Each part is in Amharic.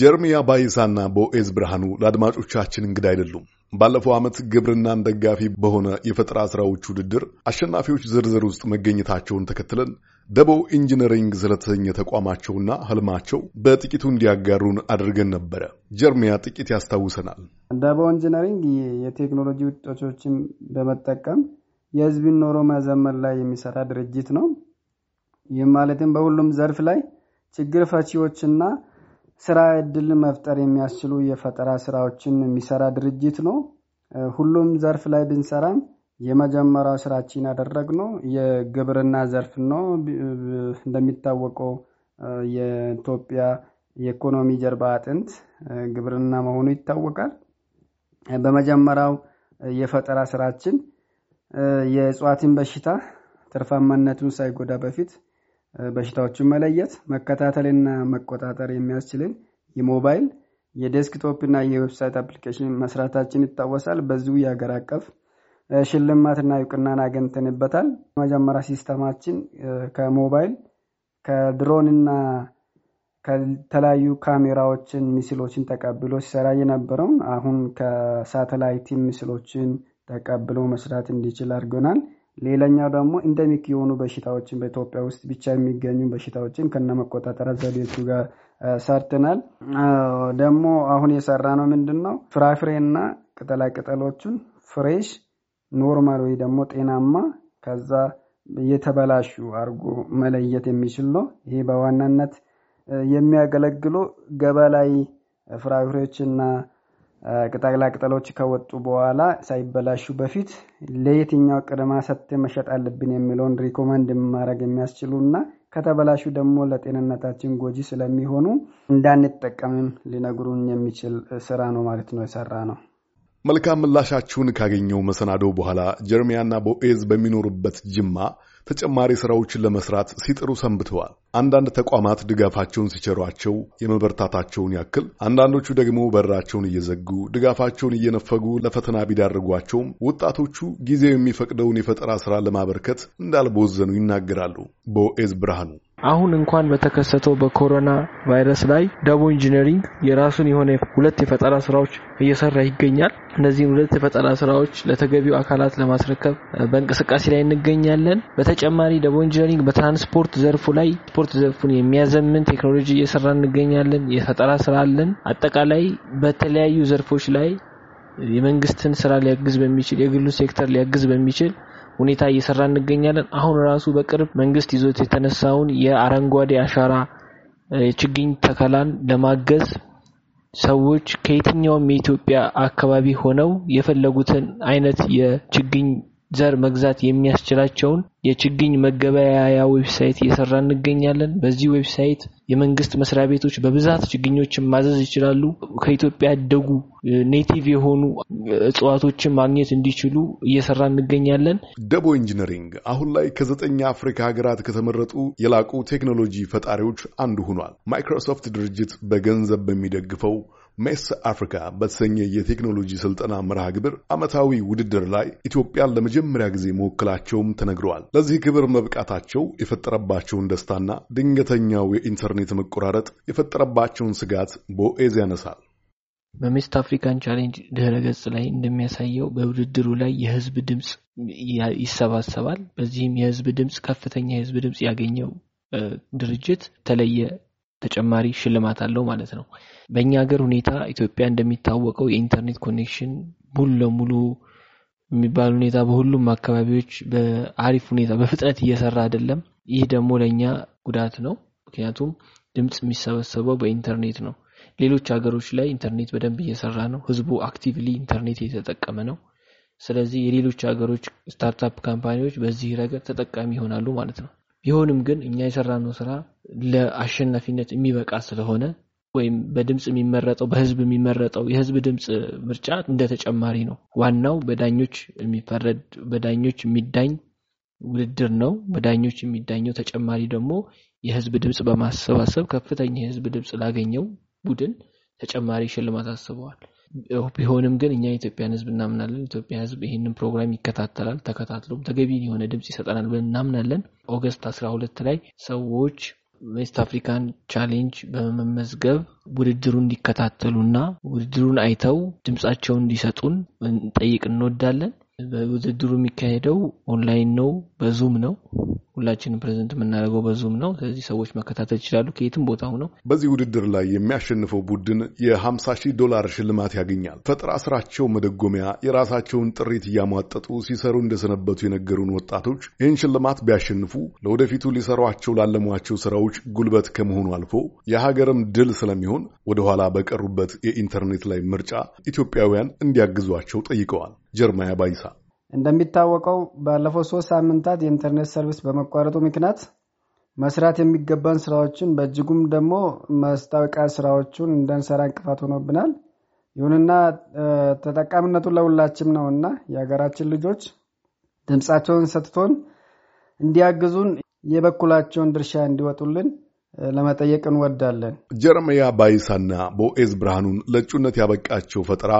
ጀርሚያ ባይሳና ቦኤዝ ብርሃኑ ለአድማጮቻችን እንግዳ አይደሉም። ባለፈው ዓመት ግብርናን ደጋፊ በሆነ የፈጠራ ስራዎች ውድድር አሸናፊዎች ዝርዝር ውስጥ መገኘታቸውን ተከትለን ደቦ ኢንጂነሪንግ ስለተሰኘ ተቋማቸውና ህልማቸው በጥቂቱ እንዲያጋሩን አድርገን ነበረ። ጀርሚያ ጥቂት ያስታውሰናል። ደቦ ኢንጂነሪንግ የቴክኖሎጂ ውጤቶችን በመጠቀም የህዝብን ኖሮ መዘመን ላይ የሚሰራ ድርጅት ነው። ይህም ማለትም በሁሉም ዘርፍ ላይ ችግር ፈቺዎችና ስራ እድል መፍጠር የሚያስችሉ የፈጠራ ስራዎችን የሚሰራ ድርጅት ነው። ሁሉም ዘርፍ ላይ ብንሰራም የመጀመሪያው ስራችን ያደረግነው የግብርና ዘርፍ ነው። እንደሚታወቀው የኢትዮጵያ የኢኮኖሚ ጀርባ አጥንት ግብርና መሆኑ ይታወቃል። በመጀመሪያው የፈጠራ ስራችን የእጽዋትን በሽታ ትርፋማነቱን ሳይጎዳ በፊት በሽታዎችን መለየት መከታተልና መቆጣጠር የሚያስችልን የሞባይል የዴስክቶፕ እና የዌብሳይት አፕሊኬሽን መስራታችን ይታወሳል። በዚሁ የሀገር አቀፍ ሽልማትና እውቅናን አገኝተንበታል። መጀመሪያ ሲስተማችን ከሞባይል ከድሮን እና ከተለያዩ ካሜራዎችን ምስሎችን ተቀብሎ ሲሰራ የነበረውን አሁን ከሳተላይት ምስሎችን ተቀብሎ መስራት እንዲችል አድርገናል። ሌላኛው ደግሞ ኢንደሚክ የሆኑ በሽታዎችን በኢትዮጵያ ውስጥ ብቻ የሚገኙ በሽታዎችን ከነመቆጣጠር ዘዴዎቹ ጋር ሰርተናል። ደግሞ አሁን የሰራ ነው ምንድን ነው ፍራፍሬና ቅጠላቅጠሎቹን ፍሬሽ ኖርማል ወይ ደግሞ ጤናማ ከዛ የተበላሹ አርጎ መለየት የሚችል ነው። ይሄ በዋናነት የሚያገለግሉ ገበያ ላይ ፍራፍሬዎችና ቅጠላ ቅጠሎች ከወጡ በኋላ ሳይበላሹ በፊት ለየትኛው ቅድማ ሰጥቼ መሸጥ አለብን የሚለውን ሪኮመንድ ማድረግ የሚያስችሉ እና ከተበላሹ ደግሞ ለጤንነታችን ጎጂ ስለሚሆኑ እንዳንጠቀምም ሊነግሩን የሚችል ስራ ነው ማለት ነው የሰራ ነው። መልካም ምላሻችሁን ካገኘው መሰናዶ በኋላ ጀርሚያና ቦኤዝ በሚኖሩበት ጅማ ተጨማሪ ስራዎችን ለመስራት ሲጥሩ ሰንብተዋል። አንዳንድ ተቋማት ድጋፋቸውን ሲቸሯቸው የመበርታታቸውን ያክል አንዳንዶቹ ደግሞ በራቸውን እየዘጉ ድጋፋቸውን እየነፈጉ ለፈተና ቢዳርጓቸውም ወጣቶቹ ጊዜው የሚፈቅደውን የፈጠራ ስራ ለማበርከት እንዳልቦዘኑ ይናገራሉ። ቦኤዝ ብርሃኑ አሁን እንኳን በተከሰተው በኮሮና ቫይረስ ላይ ዳቦ ኢንጂነሪንግ የራሱን የሆነ ሁለት የፈጠራ ስራዎች እየሰራ ይገኛል። እነዚህን ሁለት የፈጠራ ስራዎች ለተገቢው አካላት ለማስረከብ በእንቅስቃሴ ላይ እንገኛለን። በተጨማሪ ዳቦ ኢንጂነሪንግ በትራንስፖርት ዘርፉ ላይ ስፖርት ዘርፉን የሚያዘምን ቴክኖሎጂ እየሰራ እንገኛለን። የፈጠራ ስራ አለን። አጠቃላይ በተለያዩ ዘርፎች ላይ የመንግስትን ስራ ሊያግዝ በሚችል የግሉ ሴክተር ሊያግዝ በሚችል ሁኔታ እየሰራ እንገኛለን። አሁን ራሱ በቅርብ መንግስት ይዞት የተነሳውን የአረንጓዴ አሻራ ችግኝ ተከላን ለማገዝ ሰዎች ከየትኛውም የኢትዮጵያ አካባቢ ሆነው የፈለጉትን አይነት የችግኝ ዘር መግዛት የሚያስችላቸውን የችግኝ መገበያያ ዌብሳይት እየሰራ እንገኛለን። በዚህ ዌብሳይት የመንግስት መስሪያ ቤቶች በብዛት ችግኞችን ማዘዝ ይችላሉ። ከኢትዮጵያ ያደጉ ኔቲቭ የሆኑ እጽዋቶችን ማግኘት እንዲችሉ እየሰራ እንገኛለን። ደቦ ኢንጂነሪንግ አሁን ላይ ከዘጠኝ አፍሪካ ሀገራት ከተመረጡ የላቁ ቴክኖሎጂ ፈጣሪዎች አንዱ ሆኗል። ማይክሮሶፍት ድርጅት በገንዘብ በሚደግፈው ሜስ አፍሪካ በተሰኘ የቴክኖሎጂ ስልጠና መርሃ ግብር ዓመታዊ ውድድር ላይ ኢትዮጵያን ለመጀመሪያ ጊዜ መወክላቸውም ተነግረዋል። ለዚህ ክብር መብቃታቸው የፈጠረባቸውን ደስታና ድንገተኛው የኢንተርኔት መቆራረጥ የፈጠረባቸውን ስጋት ቦኤዝ ያነሳል። በሜስት አፍሪካን ቻሌንጅ ድህረ ገጽ ላይ እንደሚያሳየው በውድድሩ ላይ የህዝብ ድምፅ ይሰባሰባል። በዚህም የህዝብ ድምፅ ከፍተኛ የህዝብ ድምፅ ያገኘው ድርጅት ተለየ ተጨማሪ ሽልማት አለው ማለት ነው። በእኛ ሀገር ሁኔታ ኢትዮጵያ እንደሚታወቀው የኢንተርኔት ኮኔክሽን ሙሉ ለሙሉ የሚባል ሁኔታ በሁሉም አካባቢዎች በአሪፍ ሁኔታ በፍጥነት እየሰራ አይደለም። ይህ ደግሞ ለእኛ ጉዳት ነው። ምክንያቱም ድምፅ የሚሰበሰበው በኢንተርኔት ነው። ሌሎች ሀገሮች ላይ ኢንተርኔት በደንብ እየሰራ ነው። ህዝቡ አክቲቭሊ ኢንተርኔት እየተጠቀመ ነው። ስለዚህ የሌሎች ሀገሮች ስታርታፕ ካምፓኒዎች በዚህ ረገድ ተጠቃሚ ይሆናሉ ማለት ነው። ቢሆንም ግን እኛ የሰራነው ስራ ለአሸናፊነት የሚበቃ ስለሆነ ወይም በድምፅ የሚመረጠው በህዝብ የሚመረጠው የህዝብ ድምፅ ምርጫ እንደ ተጨማሪ ነው። ዋናው በዳኞች የሚፈረድ በዳኞች የሚዳኝ ውድድር ነው። በዳኞች የሚዳኘው ተጨማሪ ደግሞ የህዝብ ድምፅ በማሰባሰብ ከፍተኛ የህዝብ ድምፅ ላገኘው ቡድን ተጨማሪ ሽልማት አስበዋል። ቢሆንም ግን እኛ የኢትዮጵያን ህዝብ እናምናለን። ኢትዮጵያ ህዝብ ይህንን ፕሮግራም ይከታተላል፣ ተከታትሎም ተገቢ የሆነ ድምፅ ይሰጠናል ብለን እናምናለን። ኦገስት 12 ላይ ሰዎች ዌስት አፍሪካን ቻሌንጅ በመመዝገብ እንዲከታተሉ እንዲከታተሉና ውድድሩን አይተው ድምፃቸውን እንዲሰጡን እንጠይቅ እንወዳለን። ውድድሩ የሚካሄደው ኦንላይን ነው፣ በዙም ነው። ሁላችንም ፕሬዘንት የምናደርገው በዙም ነው። ስለዚህ ሰዎች መከታተል ይችላሉ ከየትም ቦታ ሆነው። በዚህ ውድድር ላይ የሚያሸንፈው ቡድን የ50 ሺህ ዶላር ሽልማት ያገኛል። ፈጠራ ስራቸው መደጎሚያ የራሳቸውን ጥሪት እያሟጠጡ ሲሰሩ እንደሰነበቱ የነገሩን ወጣቶች ይህን ሽልማት ቢያሸንፉ ለወደፊቱ ሊሰሯቸው ላለሟቸው ስራዎች ጉልበት ከመሆኑ አልፎ የሀገርም ድል ስለሚሆን ወደኋላ በቀሩበት የኢንተርኔት ላይ ምርጫ ኢትዮጵያውያን እንዲያግዟቸው ጠይቀዋል። ጀርማያ ባይሳ እንደሚታወቀው ባለፈው ሶስት ሳምንታት የኢንተርኔት ሰርቪስ በመቋረጡ ምክንያት መስራት የሚገባን ስራዎችን በእጅጉም ደግሞ ማስታወቂያ ስራዎቹን እንደንሰራ እንቅፋት ሆኖብናል። ይሁንና ተጠቃሚነቱ ለሁላችም ነው እና የሀገራችን ልጆች ድምፃቸውን ሰጥቶን እንዲያግዙን የበኩላቸውን ድርሻ እንዲወጡልን ለመጠየቅ እንወዳለን። ጀረመያ ባይሳና ቦኤዝ ብርሃኑን ለእጩነት ያበቃቸው ፈጠራ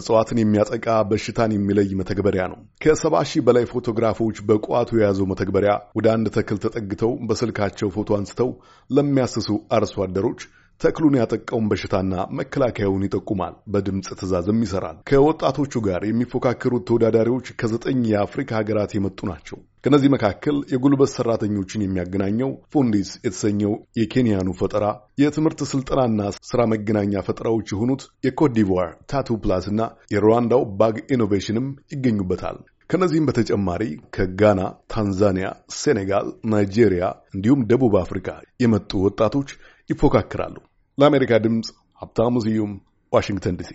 እጽዋትን የሚያጠቃ በሽታን የሚለይ መተግበሪያ ነው። ከሰባ ሺህ በላይ ፎቶግራፎች በቋቱ የያዘው መተግበሪያ ወደ አንድ ተክል ተጠግተው በስልካቸው ፎቶ አንስተው ለሚያስሱ አርሶ አደሮች ተክሉን ያጠቃውን በሽታና መከላከያውን ይጠቁማል። በድምፅ ትዕዛዝም ይሰራል። ከወጣቶቹ ጋር የሚፎካከሩት ተወዳዳሪዎች ከዘጠኝ የአፍሪካ ሀገራት የመጡ ናቸው። ከእነዚህ መካከል የጉልበት ሰራተኞችን የሚያገናኘው ፎንዲስ የተሰኘው የኬንያኑ ፈጠራ፣ የትምህርት ስልጠናና ስራ መገናኛ ፈጠራዎች የሆኑት የኮትዲቯር ታቱ ፕላስ እና የሩዋንዳው ባግ ኢኖቬሽንም ይገኙበታል። ከነዚህም በተጨማሪ ከጋና፣ ታንዛኒያ፣ ሴኔጋል፣ ናይጄሪያ እንዲሁም ደቡብ አፍሪካ የመጡ ወጣቶች ይፎካከራሉ። ለአሜሪካ ድምፅ ሀብታሙ ስዩም ዋሽንግተን ዲሲ